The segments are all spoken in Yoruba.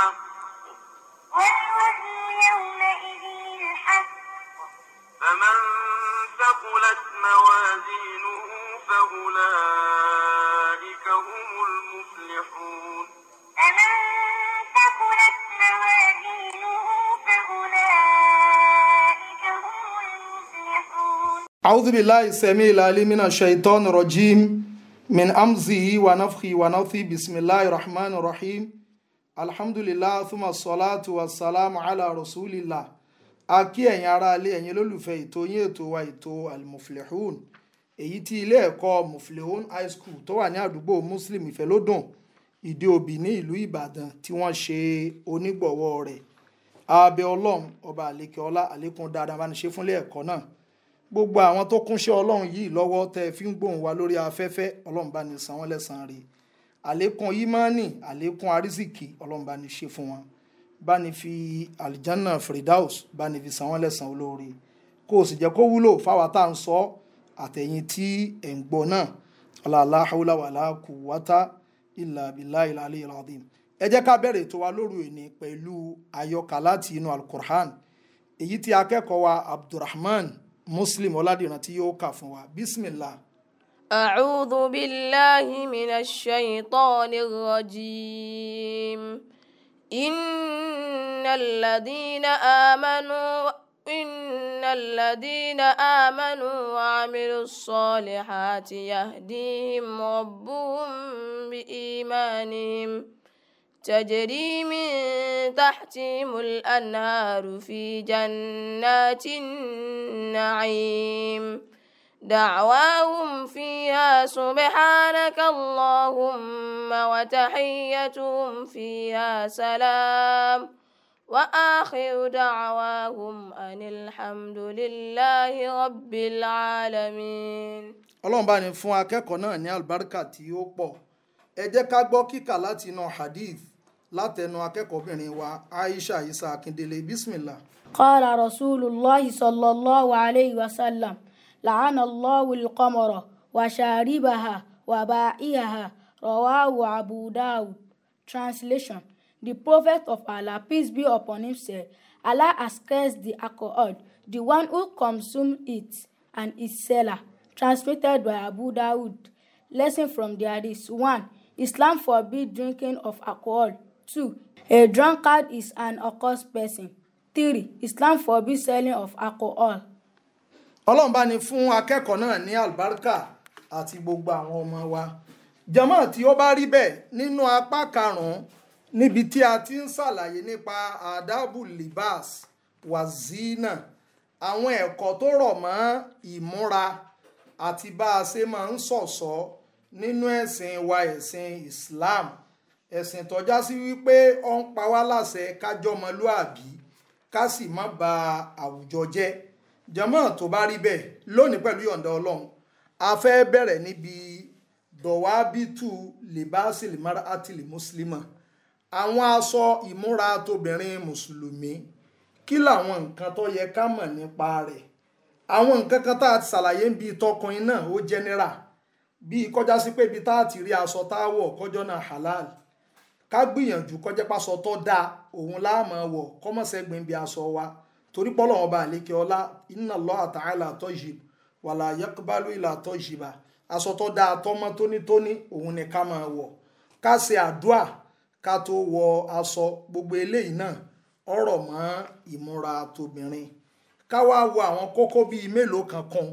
الحق والوزن يومئذ الحق فمن ثقلت موازينه فأولئك هم المفلحون فمن ثقلت موازينه فأولئك هم المفلحون أعوذ بالله السميع العليم من الشيطان الرجيم من أمزه ونفخه ونوثه بسم الله الرحمن الرحيم alhamdulillah thumma salatu wa salamu ala rasulillah a kí ẹ̀yin ará ilé ẹ̀yin lólùfẹ́ ètò yín ètò wa ètò almuflihun èyí tí ilé ẹ̀kọ́ muflihun high school tó wà ní àdúgbò muslim ìfẹ́lódùn ìdí òbí ní ìlú ìbàdàn tí wọ́n ṣe onígbọ̀wọ́ rẹ̀ abẹ ọlọ́run ọba àlekè ọlá àlékún dáadáa bá ní ṣe fúnlé ẹ̀kọ́ náà gbogbo àwọn tó kúnṣẹ́ ọlọ́run yìí lọ́wọ́ tẹ́ fi ń gbóhùn wa lórí afẹ́fẹ́ ọlọ́run bá ní san wọ́n lẹ́san rèé àlékún ìmánì àlékún àrísìkì ọlọ́run bá ní ṣe fún wọn bá ní fi aljanna firdaus bá ní fi san wọ́n lẹ́san olóore kó o sì jẹ́ kó wúlò fáwa tá à ń sọ àtẹ̀yìn tí ẹ̀ ń gbọ́ náà ọ̀làlá haúlá wàlá quwwata ìlà bìlá alẹ́ ìlà ọ̀dìm ẹ jẹ́ ká bẹ̀rẹ̀ ètò wa lóru òní pẹ̀lú àyọkà láti inú alukur'an èyí tí akẹ́kọ̀ọ́ wa abdulrahman muslim ọládìran tí yóò kà fún wa bismillah. أعوذ بالله من الشيطان الرجيم إن الذين آمنوا إن الذين آمنوا وعملوا الصالحات يهديهم ربهم بإيمانهم تجري من تحتهم الأنهار في جنات النعيم دعواهم فيها سبحانك اللهم وتحيتهم فيها سلام وآخر دعواهم أن الحمد لله رب العالمين. ọlọ́run bá ní fún akẹ́kọ̀ọ́ náà ní àlùbáríkà tí ó pọ̀ ẹ jẹ́ ká gbọ́ kíkà láti inú hadith látẹnu akẹ́kọ̀ọ́bìnrin wa aisha isa akindele bismillah. قال رسول الله صلى الله عليه وسلم la'ana الله القمر qamara وباعيها رواه أبو داود. Translation The Prophet of Allah, peace be upon him, said, Allah has cursed the alcohol, the one who consumes it and its seller. Transmitted by Abu Dawud. Lesson from the Hadith 1. Islam forbids drinking of alcohol. 2. A drunkard is an accursed person. 3. Islam forbids selling of alcohol ọlọ́run bá ní fún akẹ́kọ̀ọ́ náà ní àlùbáríkà àti gbogbo àwọn ọmọ wa jàmá tí ó bá rí bẹ́ẹ̀ nínú apá karùn níbi tí a ti ń ṣàlàyé nípa àdábù libas wazina àwọn ẹ̀kọ́ tó rọ̀ mọ́ ìmúra àti bá a ṣe máa ń ṣọ̀ṣọ́ nínú ẹ̀sìn wa ẹ̀sìn Islam ẹ̀sìn tọ́já sí wípé ó ń pa wá láṣẹ kájọ́mọlúàbí ká sì má ba àwùjọ jẹ́ jàmáà tó bá rí bẹ́ẹ̀ lónìí pẹ̀lú yọ̀ǹda ọlọ́run a fẹ́ bẹ̀rẹ̀ níbi dọ̀wábítù libasil mar'atil muslima àwọn aṣọ ìmúra tóbìnrin mùsùlùmí kí làwọn nǹkan tó yẹ ká mọ̀ nípa rẹ̀ àwọn nǹkan kan tá a ti ṣàlàyé ń bi tọkùnrin náà ó general bíi kọjá sí pé ibi tá a ti rí aṣọ tá a wọ̀ kọjọ́ náà halal ká gbìyànjú kọjá pásọ tó dáa òun láàmú wọ̀ kọ́mọ̀sẹ́gbìn bí aṣọ wa torí pé Ọlọ́run ọba àlékè ọlá inna Allaha ta'ala tayyib wala yaqbalu illa tayyiba aṣọ tó dáa tọ́mọ tónítóní òun ni ká máa wọ̀ ká ṣe àdúà ká tó wọ aṣọ gbogbo eléyìí náà ọ̀rọ̀ mọ́ ìmúra tóbìnrin ká wá wo àwọn kókó bíi mélòó kankan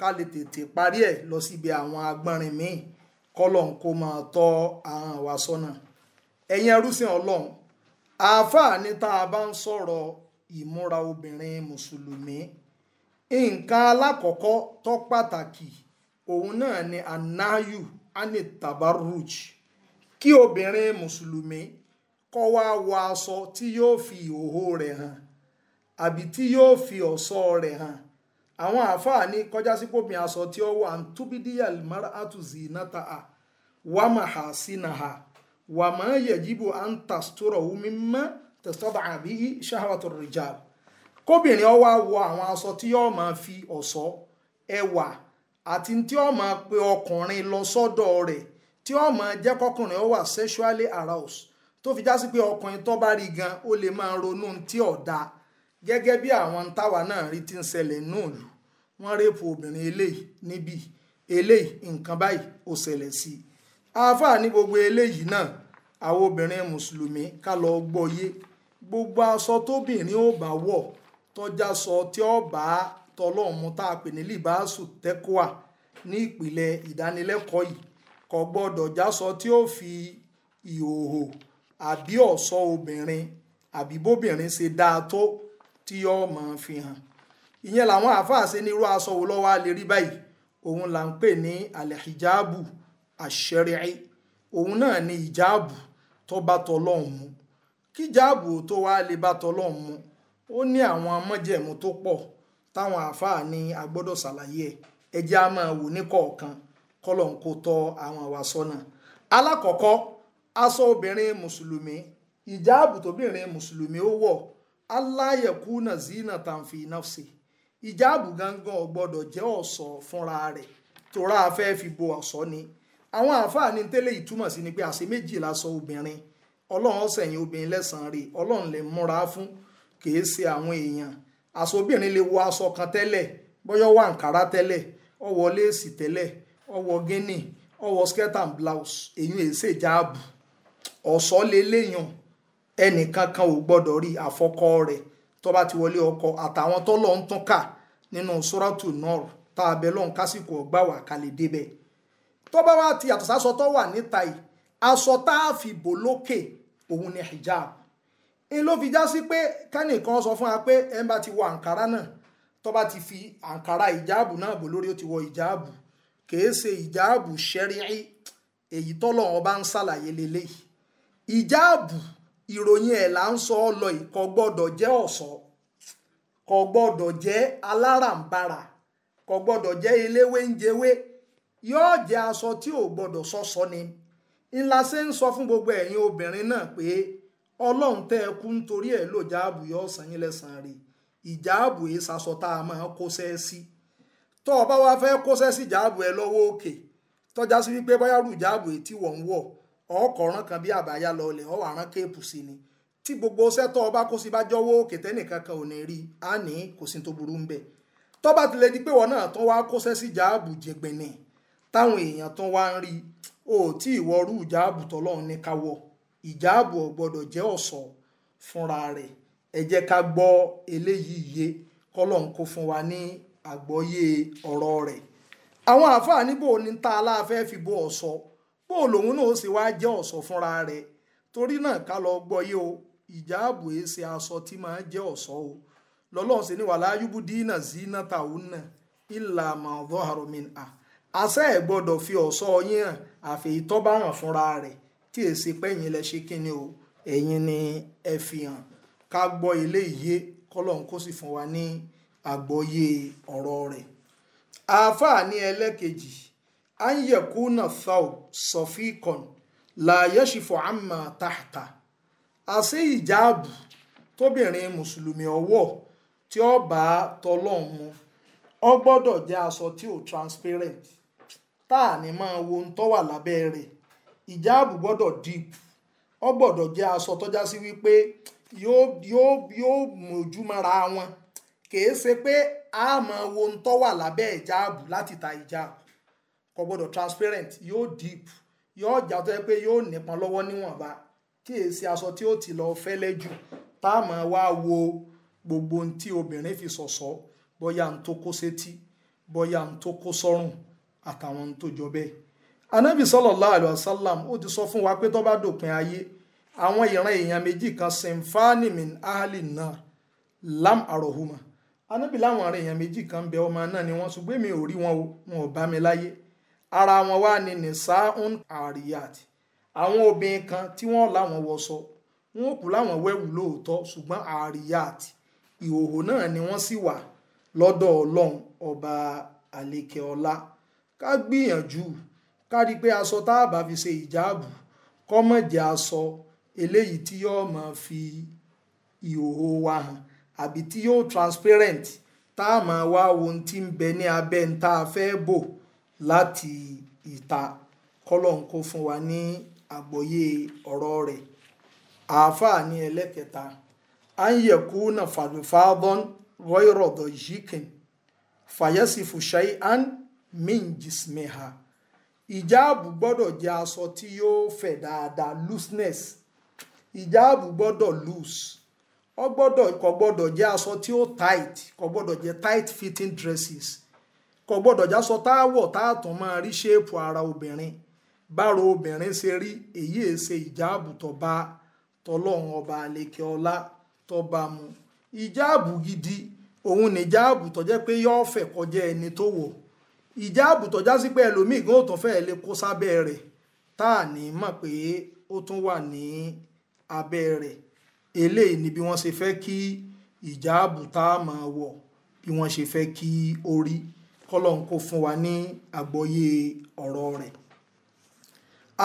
ká lè tètè parí ẹ̀ lọ síbi àwọn agbọ́nrin míì kọ́lọ́n kó máa tọ́ àwọn àwa sọ́nà ẹ̀yin ẹrúsìn ọlọ́run àáfàá ní tá a bá ń sọ̀rọ̀ ìmúra obìnrin mùsùlùmí nǹkan alákọ̀ọ́kọ́ tó pàtàkì òun náà ni anayu anitabaruj kí obìnrin mùsùlùmí kó wá wọ aṣọ tí yóò fi ìhòhò rẹ̀ hàn àbí tí yóò fi ọ̀ṣọ́ rẹ̀ hàn àwọn àáfàá ní kọjá sí pòmí aṣọ tí ó wà ntúbídíyàl maratuzi nata'a wàmà hasinaha wàmà yẹjibu antastura wumi mọ́ tẹ̀sítọ́bà àbí ṣáhàwàtò rìjàb kóbìnrin ó wá wọ àwọn aṣọ tí yóò máa fi ọ̀ṣọ́ ẹwà àti tí ó máa pe ọkùnrin lọ sọ́dọ̀ rẹ̀ tí ó máa jẹ́ kọkùnrin ó wà sexually aroused tó fi já sí pé ọkùnrin tó bá rí gan ó lè máa ronú tí ọ̀dà gẹ́gẹ́ bí àwọn táwa náà rí ti ń ṣẹlẹ̀ nùlù wọ́n rẹ́pù obìnrin eléyìí níbí eléyìí nǹkan báyìí ó ṣẹlẹ̀ sí i àáfàá ní gbogbo eléyìí náà àwọn obìnrin mùsùlùmí ká lọ gbọ́ yé gbogbo aṣọ tóbìnrin ó bá wọ̀ tọ́já sọ tí ó bá tọlọ́ọ̀mù tá a pè ní libaṣu tẹ́kọ̀à ní ìpìlẹ̀ ìdánilẹ́kọ̀ọ́ yìí kò gbọ́dọ̀ jásọ tí ó fi ìhòòhò àbí ọ̀ṣọ́ obìnrin àbí bóbìnrin ṣe dáa tó tí yọ máa fi hàn ìyẹn làwọn àáfàá ṣe ní aṣọ wo lọ́wọ́ a rí báyìí òun là ń pè ní alẹ́hìjáàbù àṣẹrẹ́ẹ́ òun náà ni ìjáàbù tó bá tọlọ́hun mu kíjáàbù tó wá lè bá tọlọ́run mu ó ní àwọn mọ́jẹ̀mú tó pọ̀ táwọn àáfàá ni a ṣàlàyé ẹ̀ ẹ á máa wò ní kọ̀ọ̀kan kọ́lọ́n tọ́ àwọn wa sọ́nà. alákọ̀ọ́kọ́ aṣọ obìnrin mùsùlùmí ìjáàbù tóbìnrin mùsùlùmí ó wọ̀ zina tàǹfì náfsì ìjáàbù jẹ́ ọ̀ṣọ́ fúnra rẹ̀ fi bo ọ̀ṣọ́ ni àwọn àáfàá ní tẹ́lẹ̀ ìtumọ̀ sí ni pé àṣẹ ọlọ́run sẹ̀yìn obìnrin lẹ́sàn-án rè ọlọ́run lè múra fún kìí ṣe àwọn èèyàn aṣọ obìnrin lè wọ aṣọ kan tẹ́lẹ̀ bọ́yọ̀ wà nkàrà tẹ́lẹ̀ ọwọ́ léèsì tẹ́lẹ̀ ọwọ́ gíní ọwọ́ skirt and blouse èyí èyí ṣe jáàbù ọ̀ṣọ́ lélẹ́yàn ẹnìkankan ò gbọ́dọ̀ rí àfọkọ rẹ̀ tó bá ti wọlé ọkọ àtàwọn tó lọ ń tún kà nínú sóràtù náà tá a bẹ lọ́hùn kásìkò ọgbà wà kálẹ̀ débẹ̀ tó bá wà ti àtọ̀sásọ tó wà níta yìí aṣọ tá a fi bò lókè òun ni hijab n ló fi já sí pé kẹ́nìkan sọ fún wa pé ẹ̀ ń bá ti wọ àǹkárá náà tó bá ti fi àǹkárá ìjáàbù náà bò lórí ó ti wọ ìjáàbù kìí ṣe ìjáàbù ṣẹ́ríì èyí tọ́lọ̀ ọba ń ṣàlàyé lélẹ́yìí ìjáàbù ìròyìn ẹ̀ là ń sọ ọ́ lọ ìkọ́ gbọ́dọ̀ jẹ́ ọ̀ṣọ́ kò gbọ́dọ̀ jẹ́ aláràǹbarà kò gbọ́dọ̀ jẹ́ eléwé ń jẹwé yóò jẹ́ aṣọ tí ò gbọ́dọ̀ sọ́sọ ni ńlá se ń sọ fún gbogbo ẹ̀yin obìnrin náà pé ọlọ́run tẹ́ ẹ kú nítorí ẹ̀ lò jáàbù yọ ọ̀sán yín lẹ́sàn rè ìjáàbù yìí sasọ tá a máa kóṣẹ́ sí tó ọba wa wá fẹ́ kóṣẹ́ sí jáàbù ẹ lọ́wọ́ òkè tọ́já sí wípé báyà rú jáàbù yìí tí wọ́n ń wọ̀ ọkọ̀ ọ̀ràn kan bí àbáyá lọlẹ̀ ọ̀ wà rán kéèpù sí ni tí gbogbo iṣẹ́ tó o bá kó sí bá jọ́wọ́ òkè tẹ́nìkan kan ò ní rí a ní kò sí tó burú ń bẹ̀ tó bá pé wọn náà tán táwọn èèyàn tún wá ń rí o tí ìwọ rú ìjáàbù tọ́lọ́run ní ká wọ̀ ìjáàbù ò gbọ́dọ̀ jẹ́ fúnra rẹ ẹ jẹ́ ká gbọ́ eléyìí yé kọ́lọ́n kó fún wa ní àgbọ́yé ọrọ rẹ. àwọn àáfàá níbò ní ta aláàfẹ́ fi bo ọ̀ṣọ́ bó lòun náà sì wá jẹ́ ọ̀ṣọ́ fúnra rẹ̀ torí náà ká lọ gbọ́yé o ìjáàbù èé ṣe aṣọ tí máa jẹ́ ọ̀ṣọ́ o lọ́lọ́run ni ní wàhálà yúbú dínà sí náà tàun náà ìlà màdọ́ àròmìn asẹ́ ẹ̀ gbọ́dọ̀ fi ọ̀ṣọ́ yín hàn àfẹ́yí tó bá hàn fúnra rẹ̀ tí èsì pẹ́yìn lẹ ṣe kíni o ẹ̀yin ni ẹ fi hàn ká gbọ́ ilé ìyé kọ́lọ́n kó sì fún wa ní àgbọ́yé ọ̀rọ̀ rẹ̀ àáfàá ní ẹlẹ́kejì anyekuna thau sofikon laayesifo amma tahta àṣẹ ìjáàbù tóbìnrin mùsùlùmí ọwọ́ tí ó tọlọ́hún ó gbọ́dọ̀ jẹ́ aṣọ tí ò transparent tá à ní máa wo ohun tó wà lábẹ́ rẹ̀ ìjáàbù gbọ́dọ̀ deep ó gbọ́dọ̀ jẹ́ aṣọ tọ́já sí wípé yóò yóò yóò mójú wọn kìí ṣe pé a máa wo ohun tó wà lábẹ́ ta ìjáàbù kò gbọ́dọ̀ transparent yóò deep yóò jà tó yẹ pé yóò lọ́wọ́ níwọ̀nba aṣọ ti lọ fẹ́lẹ́ jù tá a máa wo gbogbo ohun tí fi tó kó àtàwọn tó jọ bẹ́ẹ̀ anabi sallallahu alayhi wa sallam ó ti sọ fún wa pé tó bá dòpin ayé àwọn ìran èèyàn méjì kan sinfani min ahli náà lam arohuma anabi láwọn ìran èèyàn méjì kan bẹ ọmọ náà ni wọ́n ṣùgbọ́n èmi ò rí wọn o wọn ò bá mi láyé ara wọn wá ní nisaun ariyat àwọn obìnrin kan tí wọ́n láwọn wọṣọ wọn ò kú láwọn wẹ̀wù lóòótọ́ ṣùgbọ́n ariyat ìhòòhò náà ni wọ́n sì wà lọ́dọ̀ ọlọ́run ọba àlekè ká gbìyànjú ká rí i pé aṣọ tá a bá fi ṣe ìjáàbù kọ́mọ̀jẹ̀ aṣọ eléyìí tí yóò máa fi ìhòòhò wa hàn àbí tí yóò transparent tá a máa wá ohun tí ń bẹ ní abẹ́ ń tá a fẹ́ bò láti ìta kọ́lọ́n kó fún wa ní àgbọ́yé ọ̀rọ̀ rẹ̀ àáfàá ní ẹlẹ́kẹta à ń yẹ̀kú náà fàdùfáàbọ̀n rọ́ìrọ̀dọ̀ yìí kìn fàyẹ́sì fùṣáì án minjismeha ijabu gbọ́dọ̀ jẹ́ aṣọ tí yóò fẹ̀ dáadáa looseness ìjáàbù gbọ́dọ̀ loose ó kò gbọ́dọ̀ jẹ́ aṣọ tí tight kò gbọ́dọ̀ tight fitting dresses kò gbọ́dọ̀ jẹ́ aṣọ tá a wọ̀ tá a tún máa rí ṣéèpù ara obìnrin báro obìnrin ṣe rí èyí è ṣe ìjáàbù tó bá ọba àlekè ọlá tó mu ìjáàbù gidi òun pé kọjá ẹni tó ìjáàbù tó já sí pé ẹlòmíì gan òtún fẹ́ẹ́ lè kó sábẹ́ rẹ̀ tá à ní mọ̀ pé ó tún wà ní abẹ́ rẹ̀ eléyìí ni bí wọ́n ṣe fẹ́ kí ìjáàbù tá a máa wọ̀ bí wọ́n ṣe fẹ́ kí ó kọ́lọ́n kó fún wa ní àgbọ́yé ọ̀rọ̀ rẹ̀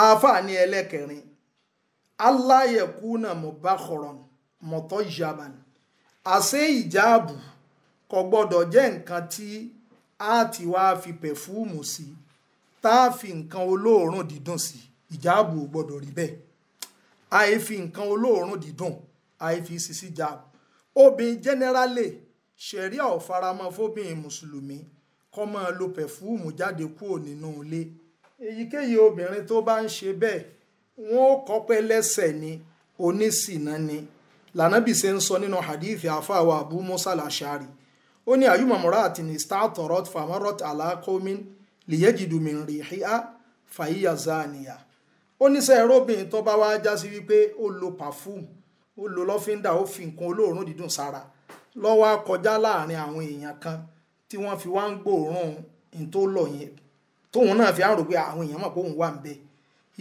àfààní ẹlẹ́kẹrin aláyẹ̀kúnà mọ̀bákọ̀rọ̀n mọ̀tọ́ ìjàbàn àṣé ìjáàbù kò gbọ́dọ̀ jẹ́ nǹkan tí á ti wá fi pẹ̀fúùmù sí tá a fi nǹkan olóòórùn dídùn sí ìjáàbù ò gbọ́dọ̀ rí bẹ́ẹ̀ àì fi nǹkan olóòórùn dídùn àì fi sisi jáàbù obìnrin jẹ́nẹ́rálì ṣẹ̀ríà ò faramọ́ fóbìnrin mùsùlùmí kọ́ máa lo pẹ̀fúùmù jáde kúrò nínú ilé èyíkéyìí obìnrin tó bá ń ṣe bẹ́ẹ̀ wọ́n ó kọ́pẹ́ lẹ́sẹ̀ ni onísìnà ni lànàbì ṣe ń sọ nínú hadith àfàwà abu musa làṣàrì ó ní àyùmọ̀ mọ́ra àti ní startorot famarot alakomin lìyẹ́jìdùmìn rìhíà fàyíyà zaniya ó ní sẹ́ ẹ̀rọ́bìnrin tó bá wá já sí wípé ó lo perfume ó lo lọ́fíńdà ó fi nǹkan olóòórùn dídùn sára lọ́wọ́ kọjá láàrin àwọn èèyàn kan tí wọ́n fi wá ń gbòòrùn ní tó lọ yẹn tóun náà fi á rò pé àwọn èèyàn mọ̀ pé òun wà ń bẹ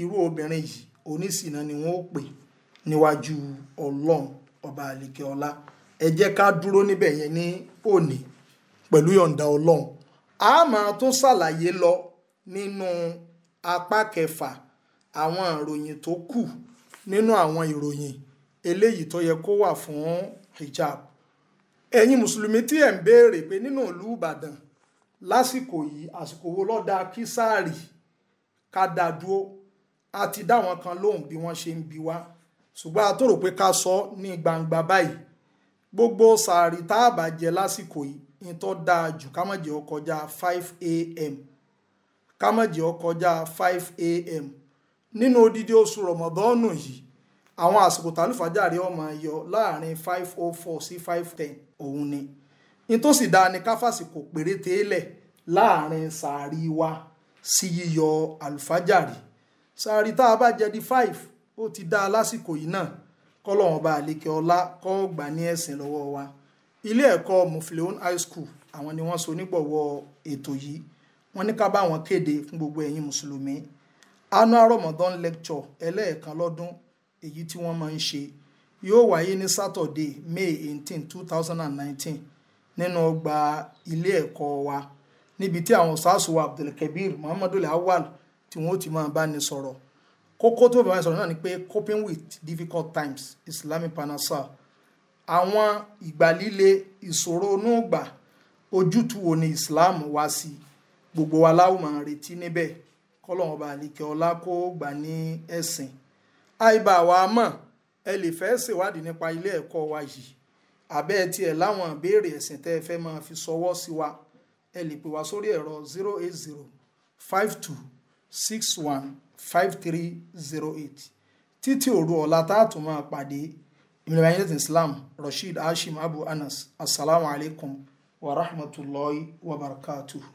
irú obìnrin yìí oníṣìnà ni wọ́n ó pè níwájú ọlọ́run ọba àlèkè ọlá ẹ jẹ́ ká dúró níbẹ̀ yẹn ní òní pẹ̀lú yọ̀ǹda ọlọ́run a máa tún ṣàlàyé lọ nínú apá kẹfà àwọn ìròyìn tó kù nínú àwọn ìròyìn eléyìí tó yẹ kó wà fún hijab ẹ̀yin mùsùlùmí tí ẹ̀ ń béèrè pé nínú ìlú ìbàdàn lásìkò yìí àsìkò wo lọ́dà kí sáàrì ká dá dúró a ti dá wọn kan lóhùn bí wọ́n ṣe ń bi wá ṣùgbọ́n a tó rò pé ká sọ ní gbangba báyìí gbogbo sàárì tá a bá jẹ lásìkò yìí ní tó dáa jù ká má jẹ́ ó kọjá five a.m. ká má jẹ́ ó kọjá five a.m. nínú odidi oṣù rọmọdọ́ọ̀nù yìí àwọn àsìkò tálùfájàre ọmọ yọ láàrin 504 oh four sí five ten òun ni ní tó sì dáa ni ká fàsìkò péréte lẹ̀ láàrin sàárì wa sí yíyọ àlùfájàre sàárì tá a bá jẹ di five ó ti dáa lásìkò yìí náà kọ́lọ́hún bá àlékè ọlá kọ́ gbà ní ẹ̀sìn lọ́wọ́ wa ilé ẹ̀kọ́ mufleon high school àwọn ni wọ́n so nígbọ̀wọ́ ètò yìí wọ́n ní ká bá wọn kéde fún gbogbo ẹ̀yin mùsùlùmí annual Ramadan lecture ẹlẹ́ẹ̀kan lọ́dún èyí tí wọ́n máa ń ṣe yóò wáyé ní Saturday May eighteen two thousand and nineteen nínú ọgbà ilé ẹ̀kọ́ wa níbi tí àwọn sars wa Abdulkabir Muhammadu Lawal tí wọ́n ti máa bá ní sọ̀rọ̀ kókó tó bàbá sọ̀rọ̀ náà ni pé coping with difficult times islamic panacea àwọn ìgbàlíle ìṣòro onúgbà ojútùú wo ni islam wá sí gbogbo wa láwùn máa retí níbẹ̀ kọ́lọ́hún ọba àlìkẹ́ ọlá kó gbà ní ẹ̀sìn àìbá wa mọ̀ ẹ lè fẹ́ ṣèwádìí nípa ilé ẹ̀kọ́ wa yìí àbẹ́ ẹ tiẹ̀ láwọn ìbéèrè ẹ̀sìn tẹ́ ẹ fẹ́ máa fi ṣọwọ́ sí wa ẹ lè pè wá sórí ẹ̀rọ zero eight zero five two six one five three zero eight títí òru ọ̀la tá a tún máa pàdé ìmìlẹ̀bàyẹ̀tì islam rasheed hashim abu anas asalaamualeykum wa rahmatulahi wa barakatuhu.